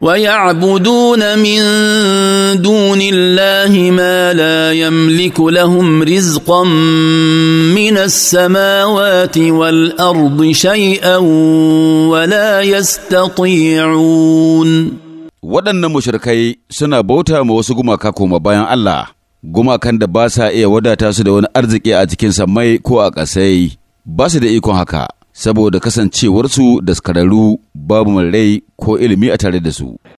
ويعبدون من دون الله ما لا يملك لهم رزقا من السماوات والارض شيئا ولا يستطيعون waɗannan mushrikai suna bauta ma wasu gumaka koma bayan Allah gumakan da ba sa iya wadata su da wani arziki a cikin sammai ko a ƙasai ba su da ikon haka saboda kasancewarsu daskararru babu mai rai ko ilimi a tare da su.